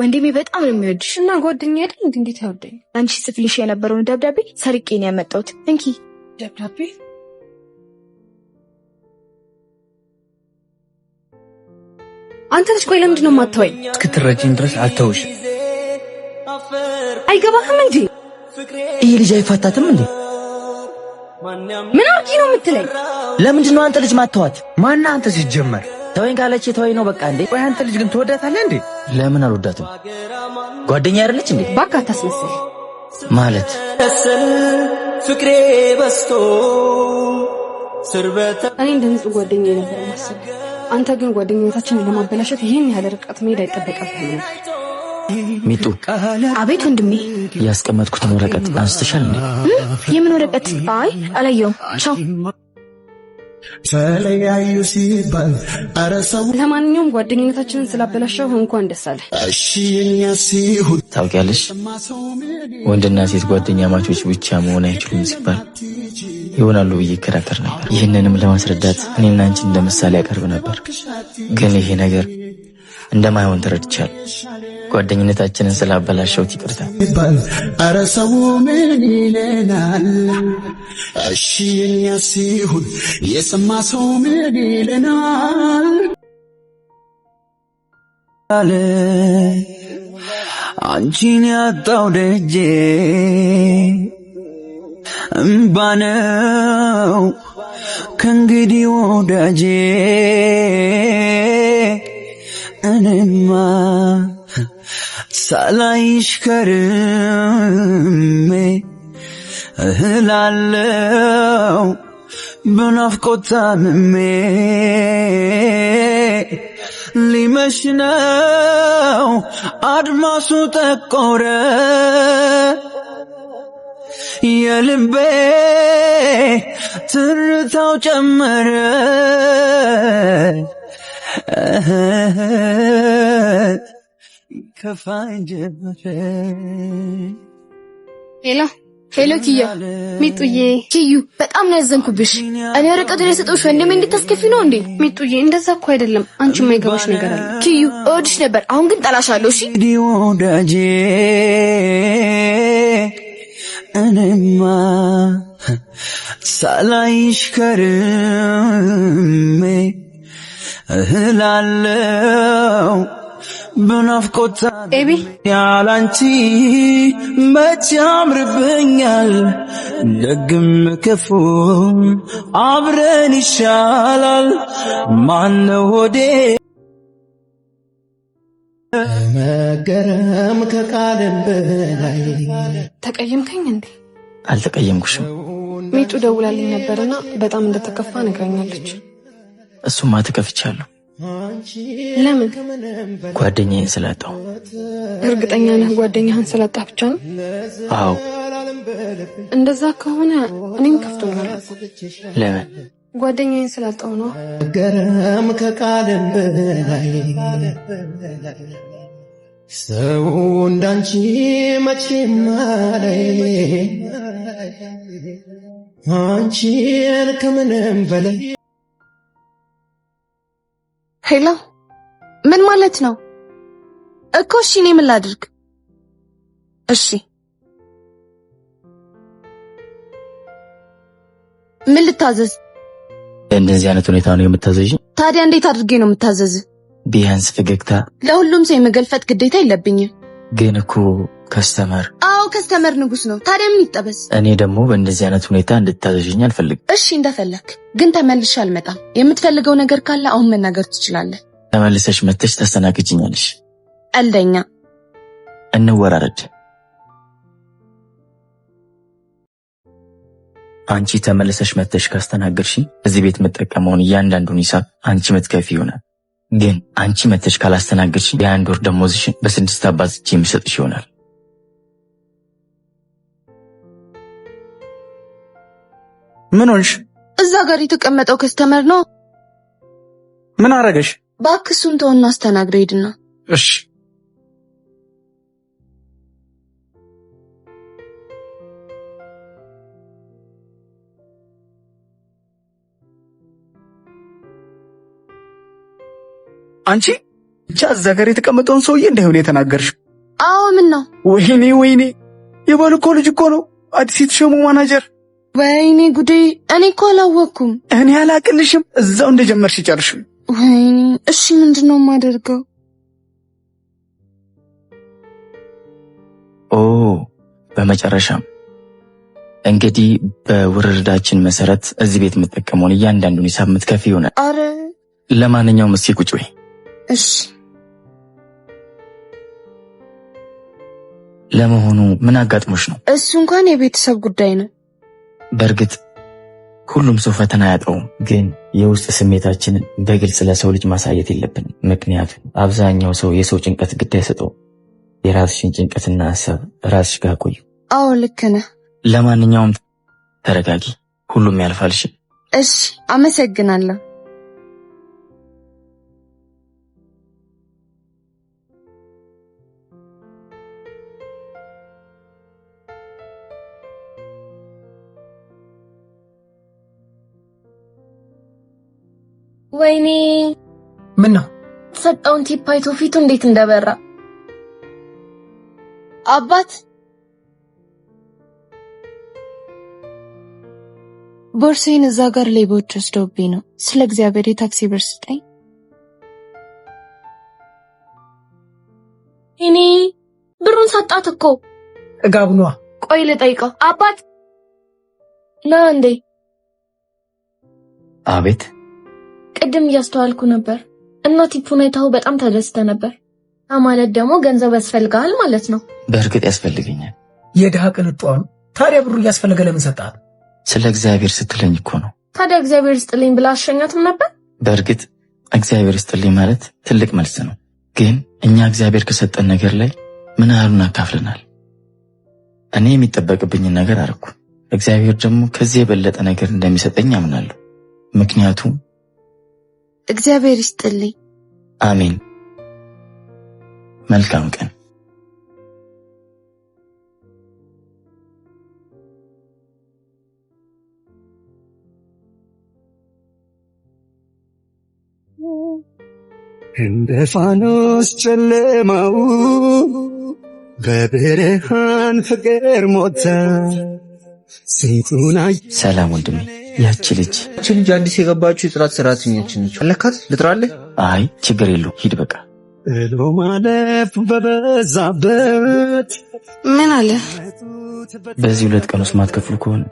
ወንድሜ በጣም ነው የሚወድሽ እና ጓደኛ አይደል? እንዲ እንዴት ያወደኝ? አንቺ ጽፍልሽ የነበረውን ደብዳቤ ሰርቄን ያመጣሁት። እንኪ ደብዳቤ። አንተ ልጅ ቆይ፣ ለምንድን ነው የማታወኝ? እስክትረጂኝ ድረስ አልተውሽ። አይገባህም እንዴ? ይህ ልጅ አይፋታትም እንዴ? ምን አርጊ ነው የምትለኝ? ለምንድን ነው አንተ ልጅ ማታዋት? ማና አንተ ሲጀመር ተወኝ ካለች ተወኝ ነው በቃ። እንዴ ወይ አንተ ልጅ ግን ትወዳታለህ እንዴ? ለምን አልወዳትም? ጓደኛ አይደለች እንዴ? ባካ አታስመስል። ማለት ፍቅሬ በስቶ ስርበተ እኔ እንደ ንጹህ ጓደኛ ነበር ማሰብ። አንተ ግን ጓደኝነታችንን ለማበላሸት ይህን ያህል ርቀት መሄድ አይጠበቅብህም። ሚጡ አቤት ወንድሜ ያስቀመጥኩትን ወረቀት አንስተሻል እንዴ? የምን ወረቀት? አይ አላየውም። ቻው ተለያዩ ሲባል ሰው ለማንኛውም ጓደኝነታችንን ስላበላሸው እንኳን ደስ አለ። እሺ ታውቂያለሽ፣ ወንድና ሴት ጓደኛ ማቾች ብቻ መሆን አይችሉም ሲባል ይሆናሉ ብዬ ይከራከር ነበር። ይህንንም ለማስረዳት እኔና አንቺ እንደ ምሳሌ ያቀርብ ነበር። ግን ይሄ ነገር እንደማይሆን ተረድቻለሁ። ጓደኝነታችንን ስላበላሸው ይቅርታ። ኧረ ሰው ምን ይለናል? እሺ ሲሆን የሰማ ሰው ምን ይለናል? አንቺን ያጣው ደጄ እምባነው ከእንግዲህ ወዳጄ እኔማ ሳላይሽ ከርሜ እህላለው በናፍቆት ታምሜ አድማሱ ጠቆረ የልቤ ትርታው ጨመረ ሌላ ሄሎ ኪያ ሚጡዬ ኪዩ በጣም ነው ያዘንኩብሽ። እኔ ወረቀቱ ላይ ሰጠሁሽ ወንድሜ እንድታስከፊ ነው እንዴ? ሚጡዬ እንደዛ እኮ አይደለም። አንቺ የማይገባሽ ነገር አለ ኪዩ። እወድሽ ነበር፣ አሁን ግን ጠላሻለሁ። እሺ ወዳጄ፣ እኔማ ሳላይሽ ከርሜ እህላለው በናፍቆታ ኤቢ ያላንቺ መቼ ያምርብኛል፣ ደግም ክፉም አብረን ይሻላል። ማነው ሆዴ መገረም ከቃልም በላይ ተቀየምከኝ እንዴ? አልተቀየምኩሽም። ሚጡ ደውላልኝ ነበርና በጣም እንደተከፋ ነግራኛለች። እሱማ ተከፍቻለሁ። ለምን ጓደኛዬን ስላጣው። እርግጠኛ ነህ ጓደኛህን ስላጣህ ብቻ ነው? አዎ። እንደዛ ከሆነ እኔም ነው። ለምን? ጓደኛዬን ስላጣው ነው። ገረም ከቃልም በላይ ሰው እንዳንቺ መቼም አላይ አንቺን ከምንም በላይ ሄሎ፣ ምን ማለት ነው እኮ? እሺ፣ እኔ ምን ላድርግ? እሺ፣ ምን ልታዘዝ? እንደዚህ አይነት ሁኔታ ነው የምታዘዥ? ታዲያ እንዴት አድርጌ ነው የምታዘዝ? ቢያንስ ፈገግታ። ለሁሉም ሰው የመገልፈጥ ግዴታ የለብኝም ግን እኮ ከስተመር አዎ ከስተመር ንጉስ ነው። ታዲያ ምን ይጠበስ? እኔ ደግሞ በእንደዚህ አይነት ሁኔታ እንድታዘዥኝ አልፈልግም። እሺ እንደፈለክ፣ ግን ተመልሼ አልመጣም። የምትፈልገው ነገር ካለ አሁን መናገር ትችላለህ። ተመልሰሽ መጥተሽ ታስተናግጅኛለሽ። ቀልደኛ፣ እንወራረድ። አንቺ ተመልሰሽ መጥተሽ ካስተናገድሽ እዚህ ቤት የምጠቀመውን እያንዳንዱን ሂሳብ አንቺ መትከፊ ይሆናል። ግን አንቺ መጥተሽ ካላስተናገድሽ የአንድ ወር ደሞዝሽን በስድስት አባዝቼ የሚሰጥሽ ይሆናል። ምን ሆንሽ? እዛ ጋር የተቀመጠው ከስተመር ነው። ምን አረገሽ? እባክህ እሱን ተውና አስተናግደው ሂድና። እሺ አንቺ ብቻ እዛ ጋር የተቀመጠውን ሰውዬ እንዳይሆን የተናገርሽ። አዎ ምን ነው? ወይኔ ወይኔ፣ የባል እኮ ልጅ እኮ ነው። አዲስ የተሾመው ማናጀር ወይኔ ጉዴ! እኔ እኮ አላወቅኩም። እኔ አላቅልሽም። እዛው እንደጀመርሽ ጨርሽ። ወይኔ! እሺ፣ ምንድን ነው የማደርገው? ኦ በመጨረሻም እንግዲህ በውርርዳችን መሰረት እዚህ ቤት የምጠቀመውን እያንዳንዱን ሂሳብ የምትከፊ ይሆናል። አረ ለማንኛውም እስኪ ቁጭ በይ። እሺ። ለመሆኑ ምን አጋጥሞሽ ነው? እሱ እንኳን የቤተሰብ ጉዳይ ነው። በእርግጥ ሁሉም ሰው ፈተና አያጠውም፣ ግን የውስጥ ስሜታችንን በግልጽ ለሰው ልጅ ማሳየት የለብንም። ምክንያቱም አብዛኛው ሰው የሰው ጭንቀት ግድ ሰጠ የራስሽን ጭንቀትና ሀሳብ ራስሽ ጋር ቆዩ። አዎ ልክ ነህ። ለማንኛውም ተረጋጊ፣ ሁሉም ያልፋልሽ። እሺ፣ አመሰግናለሁ። ወይኔ ምን ነው ሰጠውን ቲፕ አይቶ ፊቱ እንዴት እንደበራ አባት ቦርሴን እዛ ጋር ሌቦች ወስደውብኝ ነው። ስለ እግዚአብሔር የታክሲ ብር ስጠኝ። እኔ ብሩን ሰጣት እኮ እጋብኗ። ቆይ ልጠይቀው። አባት ና እንዴ። አቤት ቅድም እያስተዋልኩ ነበር እና ቲፕ ሁኔታው በጣም ተደስተ ነበር። ማለት ደግሞ ገንዘብ ያስፈልጋል ማለት ነው። በእርግጥ ያስፈልገኛል። የድሃ ቅንጧኑ ታዲያ ብሩ እያስፈለገ ለምን ሰጣት? ስለ እግዚአብሔር ስትለኝ እኮ ነው። ታዲያ እግዚአብሔር ስጥልኝ ብላ አሸኛትም ነበር። በእርግጥ እግዚአብሔር ስጥልኝ ማለት ትልቅ መልስ ነው፣ ግን እኛ እግዚአብሔር ከሰጠን ነገር ላይ ምን ያህሉን አካፍለናል? እኔ የሚጠበቅብኝን ነገር አርኩ። እግዚአብሔር ደግሞ ከዚህ የበለጠ ነገር እንደሚሰጠኝ አምናለሁ። ምክንያቱም እግዚአብሔር ይስጥልኝ። አሜን። መልካም ቀን። እንደ ፋኖስ ጨለማው በብርሃን ፍቅር ሞታ ሴቱን ሰላም ወንድሜ ያቺ ልጅ ያቺ ልጅ አዲስ የገባችው የጥራት ሰራተኛችን ነች። አለካት ልጥራለ። አይ ችግር የለው ሂድ በቃ። እሎ ማለፍ በበዛበት ምን አለ? በዚህ ሁለት ቀን ውስጥ ማትከፍሉ ከሆነ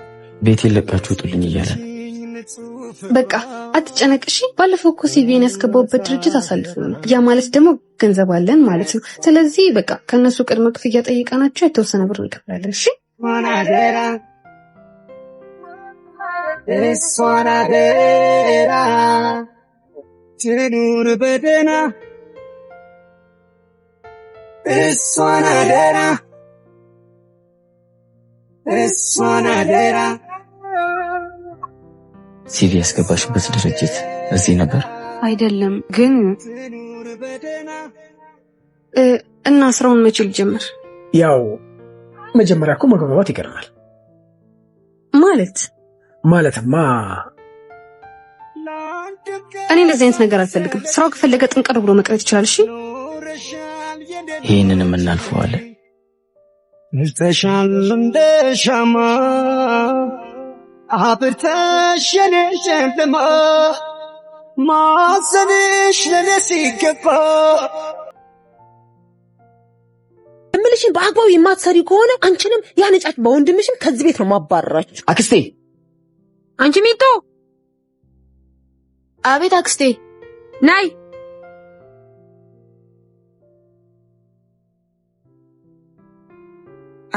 ቤቴን ለቃችሁ ውጡልኝ እያለ በቃ አትጨነቅ እሺ። ባለፈው እኮ ሲቪን ያስገባውበት ድርጅት አሳልፍ ነው። ያ ማለት ደግሞ ገንዘብ አለን ማለት ነው። ስለዚህ በቃ ከእነሱ ቅድመ ክፍያ ጠይቀናቸው የተወሰነ ብር እንከፍላለን። እሺ እሷን አደራ ትኑር በደና እሷን አደራ እሷን አደራ። ሲቪ ያስገባሽበት ድርጅት እዚህ ነበር አይደለም? ግን እና ስራውን መቼ ልጀምር ያው መጀመሪያ እኮ መግባባት ይገርማል ማለት ማለትማ እኔ እንደዚህ አይነት ነገር አልፈልግም። ስራው ከፈለገ ጥንቀር ብሎ መቅረት ይችላል። እሺ፣ ይህንንም እናልፈዋለን። ንስተሻል እንደ ሻማ አብርተሽ የኔ ጨለማ ማዘንሽ ለኔ ሲገባ እምልሽን በአግባቡ የማትሰሪ ከሆነ አንቺንም ያነጫች በወንድምሽም ከዚህ ቤት ነው ማባረራችሁ አክስቴ አንቺ ሚጡ! አቤት አክስቴ። ናይ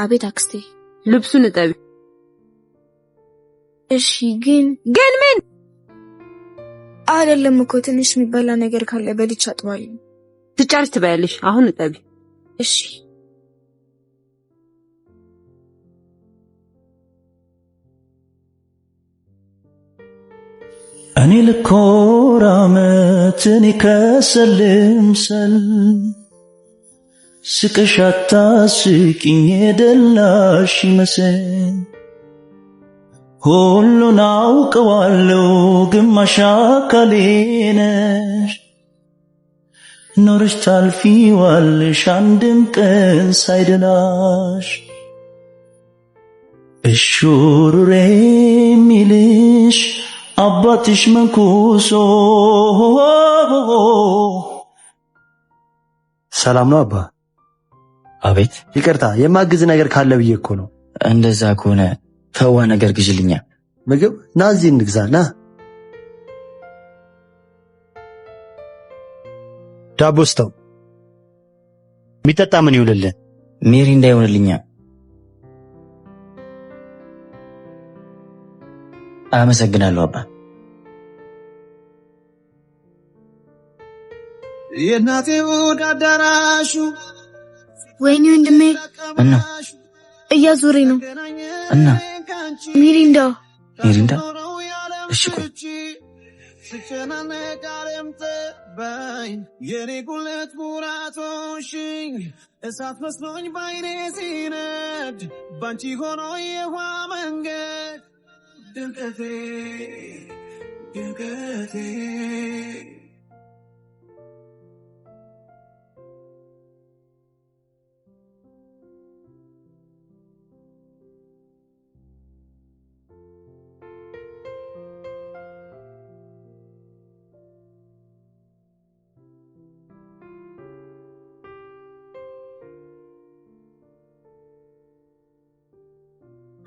አቤት አክስቴ። ልብሱን እጠቢ። እሺ። ግን ግን ምን አይደለም እኮ ትንሽ የሚበላ ነገር ካለ በልቼ አጥባለሁ። ትጨርሽ ትበያለሽ። አሁን እጠቢ። እሺ እኔ ልኮር ዓመትን ይከሰልም ሰል ስቅሽ አታስቂኝ የደላሽ ይመስል ሁሉን አውቀዋለው ግማሽ አካሌ ነሽ ኖርሽ ታልፊዋለሽ አንድም ቀን ሳይደላሽ እሹሩሬ ሚልሽ አባትሽ መንኩሶ ሰላም ነው አባ። አቤት። ይቅርታ የማግዝ ነገር ካለ ብዬ እኮ ነው። እንደዛ ከሆነ ፈዋ ነገር ግዥልኛ። ምግብ ና እዚህ እንግዛ። ና ዳቦ ስተው። የሚጠጣ ምን ይውልልን? ሜሪ እንዳይሆንልኛ አመሰግናለሁ አባ። የእናቴ ውድ ወይኔ ወንድሜ፣ እና እያዙሪ ነው። እና ሚሪንዳ ሚሪንዳ። እሺ ቆይ እሳት መስሎኝ ባይኔ ሲነድ ባንቺ ሆኖ የውሃ መንገድ Dünkü dünkü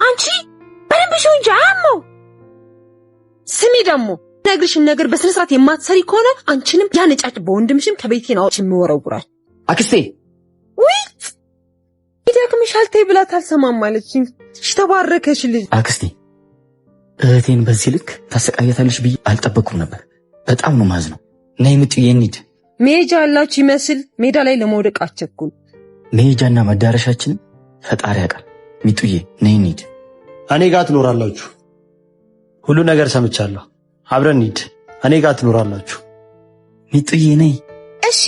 Auntie? ጃሞ ስሚ ደግሞ ነግርሽን ነገር በስነ ስርዓት የማትሰሪ ከሆነ አንቺንም ያነጫጭ በወንድምሽም ከቤቴ ናዎች የምወረውራል። አክስቴ ዊት ይደክምሻል ተይ ብላት አልሰማም እሺ ተባረከሽ ልጅ። አክስቴ እህቴን በዚህ ልክ ታሰቃየታለሽ ብዬ አልጠበቅኩም ነበር። በጣም ነው ማዝ ነው እና የምጡ የኒድ መሄጃ ያላችሁ ይመስል ሜዳ ላይ ለመውደቅ አቸኩል። መሄጃና መዳረሻችን ፈጣሪ ያውቃል። ሚጡዬ ነይ እንሂድ። እኔ ጋር ትኖራላችሁ። ሁሉ ነገር ሰምቻለሁ። አብረን ሂድ። እኔ ጋር ትኖራላችሁ። ሚጡዬ ነይ። እሺ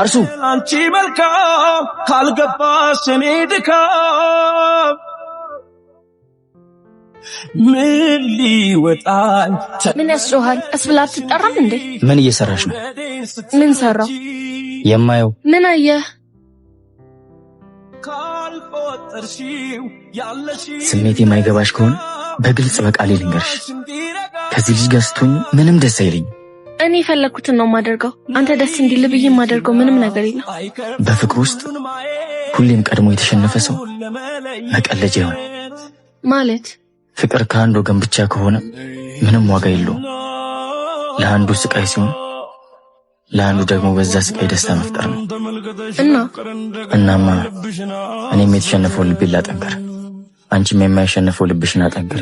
አርሱ አንቺ መልካም ካልገባሽ እኔ ድካም ምን ሊወጣል? ምን ያስጮሃል? እስብላ አትጠራም እንዴ? ምን እየሰራሽ ነው? ምን ሰራው? የማየው ምን አየህ? ስሜት የማይገባሽ ከሆነ በግልጽ በቃሌ ልንገርሽ፣ ከዚህ ልጅ ጋር ስትሆኝ ምንም ደስ አይለኝ? እኔ የፈለግኩትን ነው የማደርገው። አንተ ደስ እንዲል ብዬ የማደርገው ምንም ነገር የለም። በፍቅር ውስጥ ሁሌም ቀድሞ የተሸነፈ ሰው መቀለጃ ይሆን ማለት ፍቅር ከአንድ ወገን ብቻ ከሆነ ምንም ዋጋ የለውም። ለአንዱ ስቃይ ሲሆን፣ ለአንዱ ደግሞ በዛ ስቃይ ደስታ መፍጠር ነው እና እናማ እኔም የተሸነፈው ልቤን ላጠንክር፣ አንቺም የማይሸነፈው ልብሽን አጠንክር።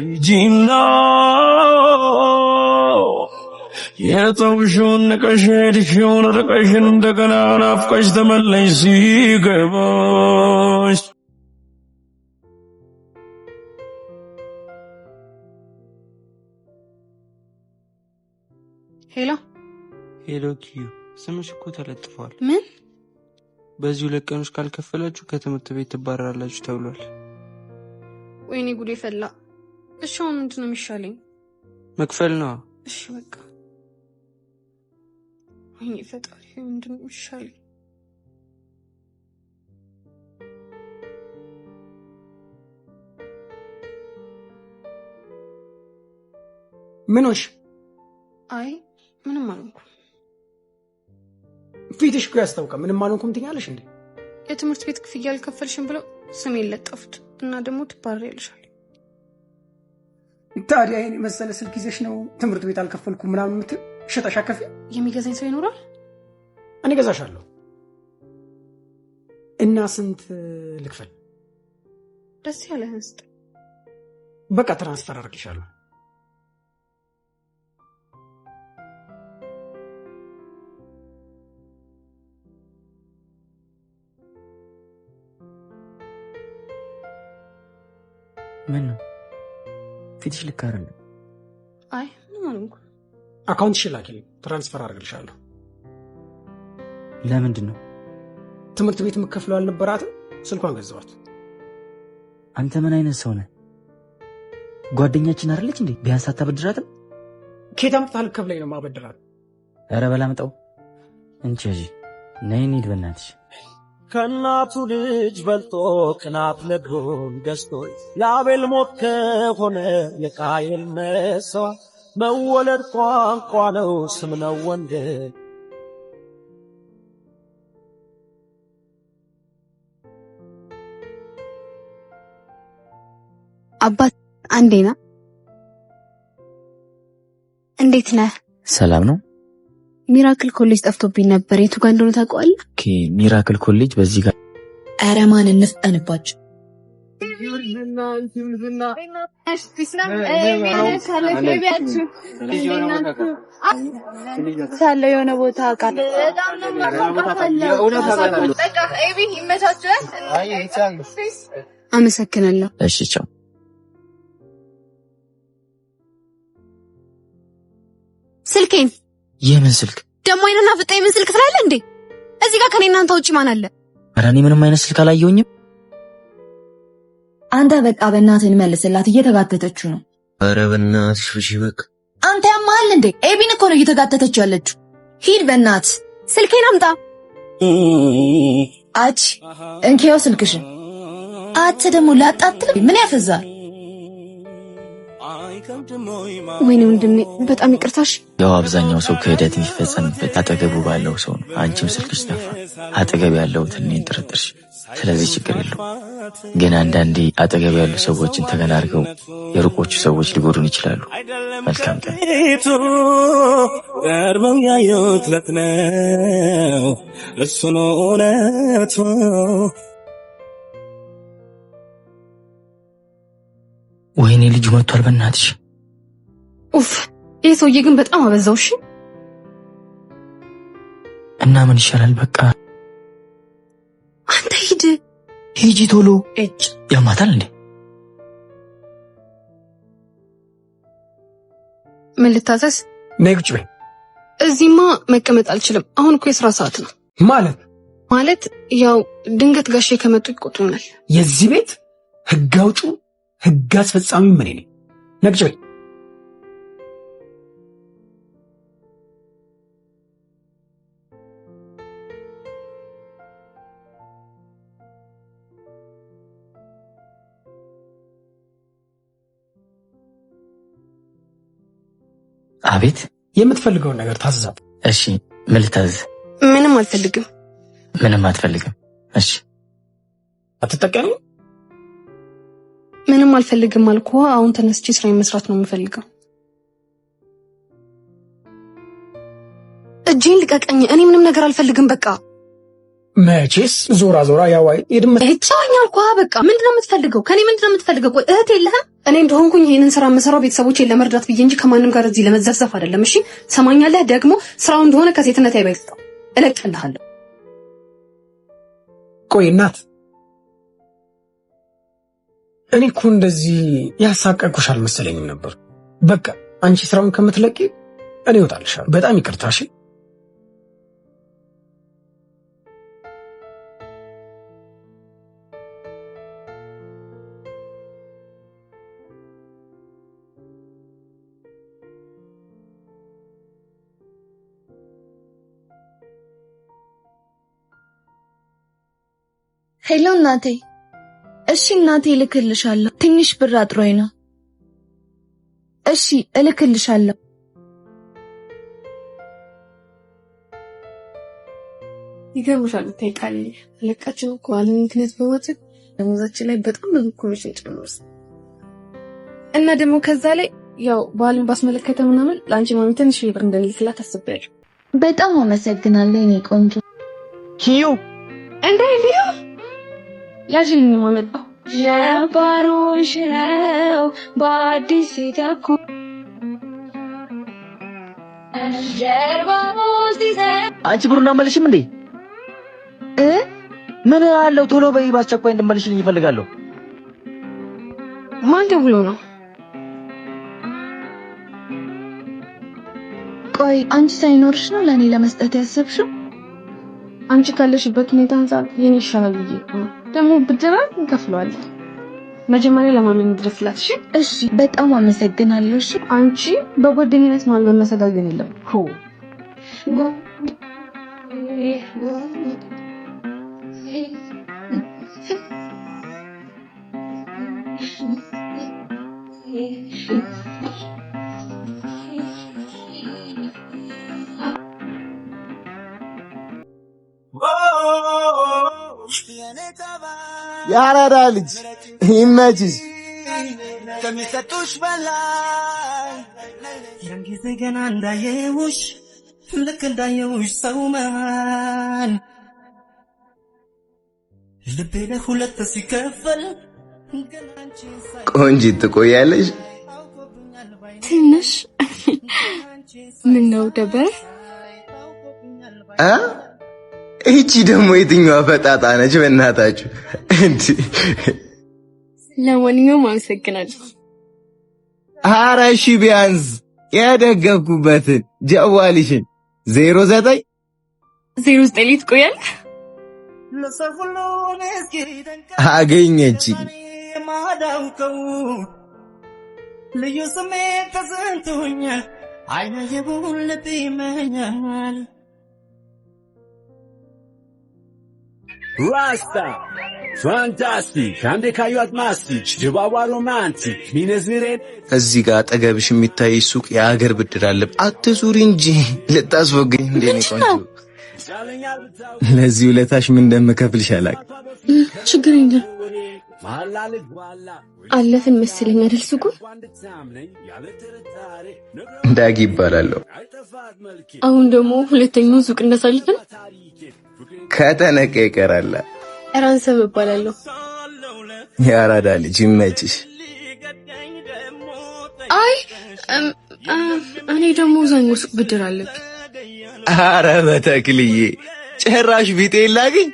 የተውሽውን ንቀሽ ሄድሽውን ርቀሽ እንደገና ናፍቀሽ ተመለሽ ሲገባ ሄሎ ኪዩ፣ ስምሽ እኮ ተለጥፏል። ምን? በዚህ ሁለት ቀኖች ካልከፈላችሁ ከትምህርት ቤት ትባረራላችሁ ተብሏል። ወይኔ ጉዴ ፈላ። እሺ አሁን ምንድን ነው የሚሻለኝ? መክፈል ነዋ። እሺ በቃ ወይኔ ፈጣሪ፣ ምንድን ነው የሚሻለኝ? ምኖሽ? አይ ምንም አልንኩም። ፊትሽ እኮ ያስታውቃል። ምንም አልሆንኩም ትኛለሽ እንዴ? የትምህርት ቤት ክፍያ አልከፈልሽም ብለው ስሜን ለጠፉት እና ደግሞ ይልሻል። ታዲያ ይህን የመሰለ ስልክ ይዘሽ ነው ትምህርት ቤት አልከፈልኩም ምናምን የምትል ሸጠሻ። ከፊ የሚገዛኝ ሰው ይኖራል። እኔ ገዛሻለሁ። እና ስንት ልክፈል? ደስ ያለህን ስጥ። በቃ ትራንስፈር አድርግሻለሁ። ፊትሽ ልክ አይደለም። አይ ምን አልኩ። አካውንትሽ ላኪልኝ፣ ትራንስፈር አድርግልሻለሁ። ለምንድን ነው ትምህርት ቤት የምከፍለው አልነበራትም? ስልኳን ገዛኋት። አንተ ምን አይነት ሰው ነህ? ጓደኛችን አይደለች እንዴ? ቢያንስ አታበድራትም? ኬት አምጥታ ልከፍለኝ ነው ማበድራት? ኧረ በላምጠው እንቺ ነይ እንሂድ በእናትሽ ከእናቱ ልጅ በልጦ ቅናት ልቡን ገዝቶይ የአቤል ሞት ከሆነ የቃየል መሰዋ መወለድ ቋንቋ ነው፣ ስም ነው ወንድም አባት አንዴና እንዴት ነህ? ሰላም ነው። ሚራክል ኮሌጅ ጠፍቶብኝ ነበር። የቱ ጋር እንደሆነ ታውቀዋለህ? ሚራክል ኮሌጅ በዚህ ጋር። ኧረ ማን እንፍጠንባቸው። ሳለው የሆነ ቦታ አመሰግናለሁ። እሺ ቻው። ስልኬን የምን ስልክ ደግሞ አይነና ፍጣ የምን ስልክ ትላለህ እንዴ? እዚህ ጋር ከኔ እናንተ ውጭ ማን አለ? ኧረ እኔ ምንም አይነት ስልክ አላየውኝም? አንተ በቃ በእናትህን መልስላት፣ እየተጋተተችው ነው። ኧረ በእናትሽ ፍቺ በቃ። አንተ ያማሃል እንዴ? ኤቢን እኮ ነው እየተጋተተች ያለችው። ሂድ በእናት ስልኬን አምጣ። አች እንኬው ስልክሽን። አት ደግሞ ላጣትል ምን ያፈዛል? ወይኔ ወንድሜ በጣም ይቅርታሽ። ያው አብዛኛው ሰው ክህደት የሚፈጸምበት አጠገቡ ባለው ሰው ነው። አንቺም ስልክሽ ጠፋ፣ አጠገብ ያለው እኔን ጥርጥርሽ። ስለዚህ ችግር የለው። ግን አንዳንዴ አጠገብ ያሉ ሰዎችን ተገናርገው የሩቆቹ ሰዎች ሊጎዱን ይችላሉ። መልካም ቀን። ቀርበው ያየሁት ነው እውነቱ ወይኔ ልጁ መጥቷል። በእናትሽ ኡፍ! ይህ ሰውዬ ግን በጣም አበዛውሽ። እና ምን ይሻላል? በቃ አንተ ሂድ፣ ሂጂ ቶሎ። እጭ ያማታል እንዴ? ምን ልታዘዝ? ነይ ቁጭ በይ። እዚህማ መቀመጥ አልችልም። አሁን እኮ የስራ ሰዓት ነው። ማለት ማለት ያው ድንገት ጋሼ ከመጡ ይቆጡኛል። የዚህ ቤት ህግ አውጪው ህግ አስፈጻሚ ምን ነኝ። ነቅጭ በይ። አቤት። የምትፈልገውን ነገር ታዘዛት። እሺ፣ ምን ምንም አልፈልግም። ምንም አትፈልግም። እሺ፣ አትጠቀሚም ምንም አልፈልግም አልኩ። አሁን ተነስቼ ስራ መስራት ነው የምፈልገው። እጄን ልቀቀኝ። እኔ ምንም ነገር አልፈልግም። በቃ መቼስ ዞራ ዞራ ያዋይ የድመት እቻውኝ አልኩ። በቃ ነው የምትፈልገው? ከኔ ነው የምትፈልገው? ቆይ እህት የለህም? እኔ እንደሆንኩኝ ይህንን ስራ የምሰራው ቤተሰቦቼን ለመርዳት ብዬ እንጂ ከማንም ጋር እዚህ ለመዘፍዘፍ አይደለም። እሺ ሰማኛለህ? ደግሞ ስራው እንደሆነ ከሴትነት አይበልጥም። እለቅልሃለሁ። ቆይ እናት እኔ እኮ እንደዚህ ያሳቀቁሽ አልመሰለኝም ነበር። በቃ አንቺ ስራውን ከምትለቂ እኔ እወጣልሻለሁ። በጣም ይቅርታ እሺ። ሄሎ እናቴ እሺ እናቴ እልክልሻለሁ። ትንሽ ብር አጥሮኝ ነው። እሺ እልክልሻለሁ። ይገርምሻል ብታይ ቃል አለቃችን እኮ አለ ምክንያት በማድረግ ደሞዛችን ላይ በጣም ብዙ ኮሚሽን ጨምሮስ እና ደግሞ ከዛ ላይ ያው በዓልን ባስመለከተ ምናምን ለአንቺ ማሚ ትንሽ ብር እንደልክላት አስቤያለሁ። በጣም አመሰግናለሁ የኔ ቆንጆ ኪዩ እንዴ ሊዩ ያሽልኝ ማመጣው ነባሮሽ ነው በአዲስ ሲተኩ አንቺ ብሩን አመልሽም እንዴ? ምን አለው? ቶሎ በይ፣ በአስቸኳይ እንድመልሽልኝ ይፈልጋለሁ። ማን ደውሎ ነው? ቆይ አንቺ ሳይኖርሽ ነው ለእኔ ለመስጠት ያሰብሽው? አንቺ ካለሽበት ሁኔታ አንፃር የኔ ይሻላል ብዬ ደግሞ ብድራት እንከፍለዋለን። መጀመሪያ ለማመን ድረስላት። እሺ እሺ፣ በጣም አመሰግናለሁ። እሺ አንቺ በጓደኝነት ማለት መሰጋገን የለም። ሆ Hey, يا رالج إيماجيز ከሚሰጡሽ በላይ ያን ጊዜ ገና እንዳየውሽ ልክ እንዳየውሽ ሰው መሃል ልቤ ለሁለት ሲከፈል ቆንጂት ትቆያለሽ ትንሽ ምነው ደበር እ እቺ ደግሞ የትኛዋ ፈጣጣ ነች? በእናታችሁ እንዲህ። ለማንኛውም አመሰግናለሁ። ኧረ እሺ ቢያንስ የደገፍኩበትን ጀዋልሽን ዜሮ ዘጠኝ ዜሮ ዘጠኝ ላይ ትቆያለህ። ልዩ ስሜት ተሰንቶኛል። አይነ የቡን ልብ ይመኛል راستا ፋንታስቲክ አንዴ ካዩት ማስቲች ድባቧ ሮማንቲክ ሚነዝሬን እዚህ ጋር አጠገብሽ የሚታይ ሱቅ የአገር ብድር አለ። አትዙሪ እንጂ ልታስወግኝ እንዴ ቆንጆ። ለዚህ ውለታሽ ምን እንደምከፍልሽ አላውቅም። ችግር የለም አለፍን መሰለኝ አይደል? ሱቁ ዳጊ ይባላለሁ። አሁን ደግሞ ሁለተኛው ሱቅ እናሳልፍን ከተነቀ ይቀራል። ራንሰብ እባላለሁ። ያራዳ ልጅ ይመችሽ። አይ እኔ ደግሞ ዘኞ ሱቅ ብድር አለብኝ። አረ በተክልዬ ጭራሽ ቢጤ ላግኝ።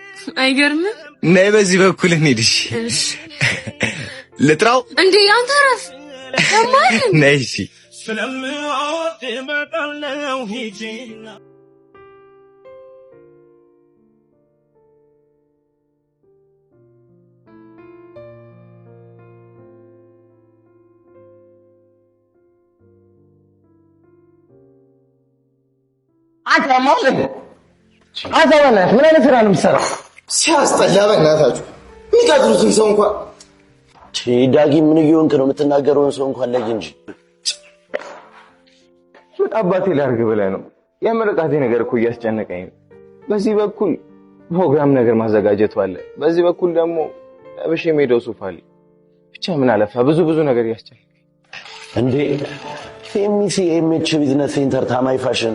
አይገርምም? ነይ በዚህ በኩል እንሂድሽ። ልጥራው እንዴ? አንተ ራስ ነይ። እሺ አዛማው ልህ ምን አይነት ስራ ነው ሲያስጠላ በእናታችሁ የሚጋግሩትን ሰው እንኳን ዳጊ፣ ምን እየሆንክ ነው? የምትናገረውን ሰው እንኳን ለይ እንጂ አባቴ ብለህ ነው። የምርቃቴ ነገር እኮ እያስጨነቀኝ ነው። በዚህ በኩል ፕሮግራም ነገር ማዘጋጀቱ አለ፣ በዚህ በኩል ደግሞ ለብሼ የምሄደው ሱፍ አለ። ብቻ ምን አለፋ ብዙ ብዙ ነገር እያስጨነቀኝ እንዴ። ኤምኤች ቢዝነስ ሴንተር ታማኝ ፋሽን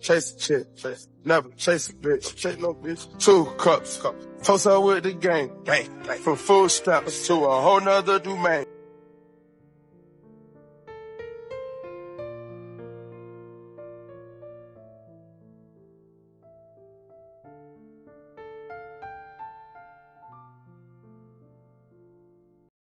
Chase shit, chase. Never chase a bitch, chase no bitch. Two cups, cups. Toast her with the gang, gang, gang. From food stamps to a whole nother domain.